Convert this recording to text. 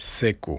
seco.